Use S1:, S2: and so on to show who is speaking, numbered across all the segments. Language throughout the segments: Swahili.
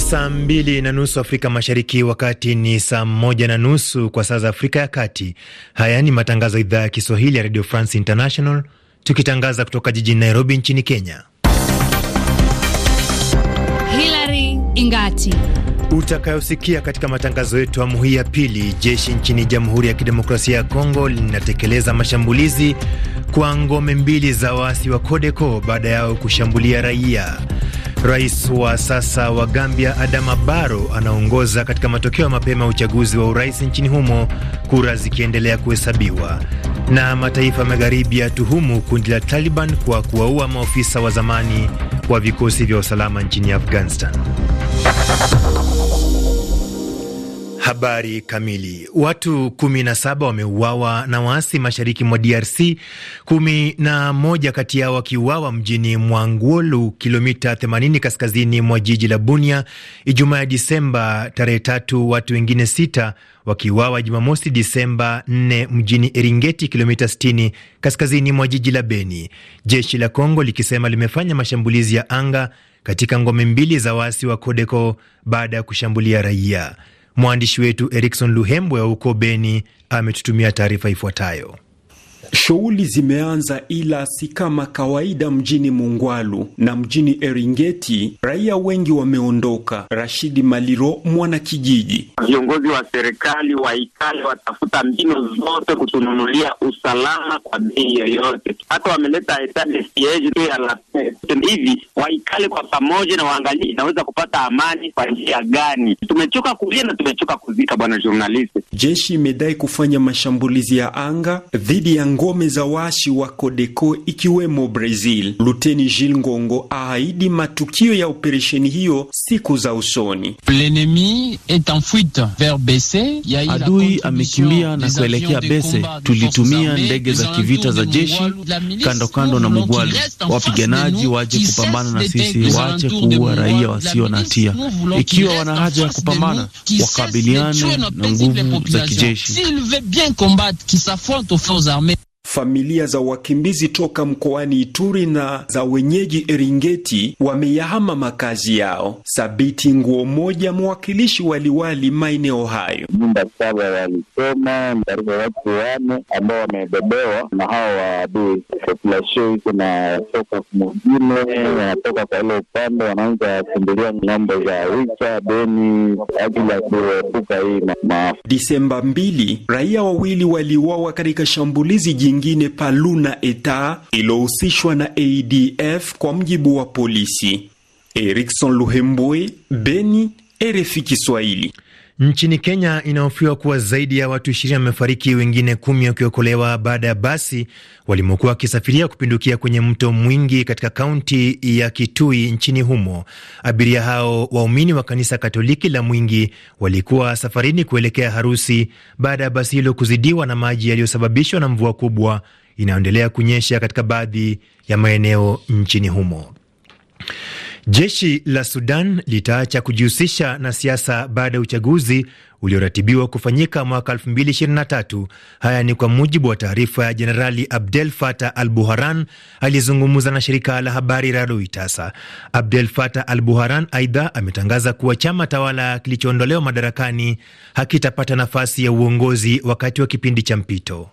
S1: saa mbili na nusu Afrika Mashariki, wakati ni saa moja na nusu kwa saa za Afrika ya Kati. Haya ni matangazo ya idhaa ya Kiswahili ya Radio France International, tukitangaza kutoka jijini Nairobi nchini Kenya. Hilary Ingati utakayosikia katika matangazo yetu awamu hii ya pili. Jeshi nchini Jamhuri ya Kidemokrasia ya Kongo linatekeleza mashambulizi kwa ngome mbili za waasi wa Kodeko baada yao kushambulia raia. Rais wa sasa wa Gambia Adama Barrow anaongoza katika matokeo ya mapema ya uchaguzi wa urais nchini humo, kura zikiendelea kuhesabiwa. Na mataifa magharibi yatuhumu kundi la Taliban kwa kuwaua maofisa wa zamani wa vikosi vya usalama nchini Afghanistan. Habari kamili. Watu 17 wameuawa na waasi mashariki mwa DRC, 11 kati yao wakiuawa mjini Mwangolu, kilomita 80 kaskazini mwa jiji la Bunia, Ijumaa ya Disemba tarehe tatu, watu wengine sita wakiuawa Jumamosi Disemba 4 mjini Eringeti, kilomita 60 kaskazini mwa jiji la Beni, jeshi la Kongo likisema limefanya mashambulizi ya anga katika ngome mbili za waasi wa Kodeko baada ya kushambulia raia. Mwandishi wetu Erikson Luhembwe wa huko Beni ametutumia taarifa ifuatayo.
S2: Shughuli zimeanza ila si kama kawaida mjini Mungwalu na mjini Eringeti, raia wengi wameondoka. Rashidi Maliro, mwana kijiji: viongozi wa serikali waikale, watafuta mbinu zote kutununulia usalama kwa bei yoyote. Hata wameleta hivi, waikale kwa pamoja na waangalie inaweza kupata amani kwa njia gani. Tumechoka kulia na tumechoka kuzika, bwana journalist. Jeshi imedai kufanya mashambulizi ya anga dhidi ya ngome za waasi wa kodeko ikiwemo Brazil. Luteni Jil Ngongo ahaidi matukio ya operesheni hiyo siku za usoni. Adui amekimbia na kuelekea Bese. Tulitumia ndege za kivita za jeshi kando kando na Mugwalu. Wapiganaji waje kupambana na sisi, waache kuua raia wasio na hatia. Ikiwa wana haja ya kupambana, wakabiliane na nguvu za kijeshi familia za wakimbizi toka mkoani Ituri na za wenyeji Eringeti wameyahama makazi yao. Sabiti Nguo Moja, mwakilishi waliwali maeneo hayo. Nyumba saba walisoma karibu watu wane ambao wamebebewa na hawa waadui. Populasio iko na soka mwingine, wanatoka kwa ile upande, wanaanza kimbilia ng'ambo za Wicha Beni ajili ya kuepuka hii maafa. Disemba mbili raia wawili waliuawa katika shambulizi jingi nyingine Paluna Eta ilohusishwa na ADF kwa mjibu wa polisi. Erikson Luhembwe,
S1: Beni, RFI
S2: Kiswahili.
S1: Nchini Kenya inahofiwa kuwa zaidi ya watu ishirini wamefariki, wengine kumi wakiokolewa baada ya basi walimokuwa wakisafiria kupindukia kwenye mto Mwingi katika kaunti ya Kitui nchini humo. Abiria hao waumini wa kanisa Katoliki la Mwingi walikuwa safarini kuelekea harusi baada ya basi hilo kuzidiwa na maji yaliyosababishwa na mvua kubwa inayoendelea kunyesha katika baadhi ya maeneo nchini humo. Jeshi la Sudan litaacha kujihusisha na siasa baada ya uchaguzi ulioratibiwa kufanyika mwaka 2023. Haya ni kwa mujibu wa taarifa ya Jenerali Abdel Fattah al Buharan aliyezungumza na shirika la habari la Reuters. Abdel Fattah al Buharan aidha ametangaza kuwa chama tawala kilichoondolewa madarakani hakitapata nafasi ya uongozi wakati wa kipindi cha mpito.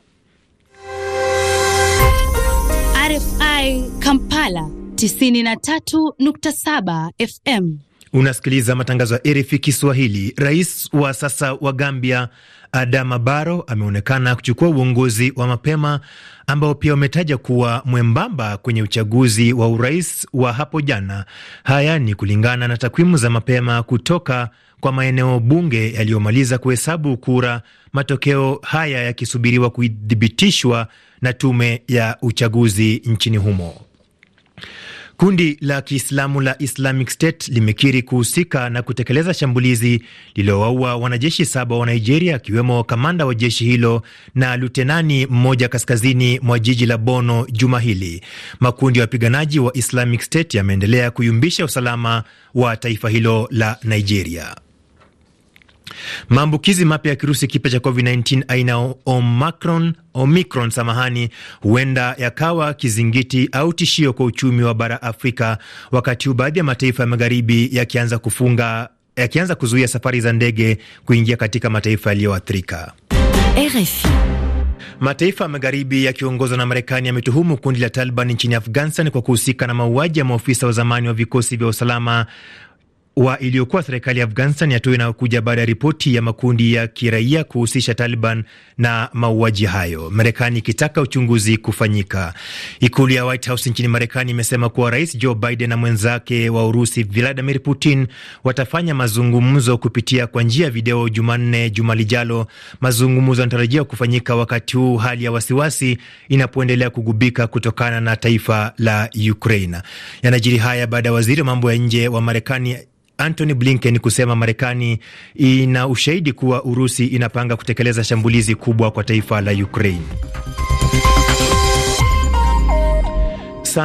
S2: RFI Kampala 93.7 FM.
S1: Unasikiliza matangazo ya RFI Kiswahili. Rais wa sasa wa Gambia Adama Baro ameonekana kuchukua uongozi wa mapema ambao pia umetaja kuwa mwembamba kwenye uchaguzi wa urais wa hapo jana. Haya ni kulingana na takwimu za mapema kutoka kwa maeneo bunge yaliyomaliza kuhesabu kura, matokeo haya yakisubiriwa kuthibitishwa na tume ya uchaguzi nchini humo. Kundi la Kiislamu la Islamic State limekiri kuhusika na kutekeleza shambulizi lililowaua wanajeshi saba wa Nigeria, akiwemo kamanda wa jeshi hilo na lutenani mmoja kaskazini mwa jiji la Bono juma hili. Makundi ya wapiganaji wa Islamic State yameendelea kuyumbisha usalama wa taifa hilo la Nigeria. Maambukizi mapya ya kirusi kipya cha COVID-19 aina Omicron, Omicron samahani, huenda yakawa kizingiti au tishio kwa uchumi wa bara Afrika, wakati huu baadhi ya mataifa ya magharibi yakianza kufunga yakianza kuzuia safari za ndege kuingia katika mataifa yaliyoathirika. RFI Mataifa ya magharibi yakiongozwa na Marekani yametuhumu kundi la Taliban nchini Afghanistan kwa kuhusika na mauaji ya maofisa wa zamani wa vikosi vya usalama wa iliyokuwa serikali ya Afghanistan, hatua inayokuja baada ya ripoti ya makundi ya kiraia kuhusisha Taliban na mauaji hayo, Marekani ikitaka uchunguzi kufanyika. Ikulu ya White House nchini Marekani imesema kuwa Rais Joe Biden na mwenzake wa Urusi Vladimir Putin watafanya mazungumzo kupitia kwa njia ya video Jumanne juma lijalo. Mazungumzo yanatarajiwa kufanyika wakati huu hali ya wasiwasi inapoendelea kugubika kutokana na taifa la Ukraine. Yanajiri haya baada ya waziri wa mambo ya nje wa Marekani Antony Blinken kusema Marekani ina ushahidi kuwa Urusi inapanga kutekeleza shambulizi kubwa kwa taifa la Ukraine.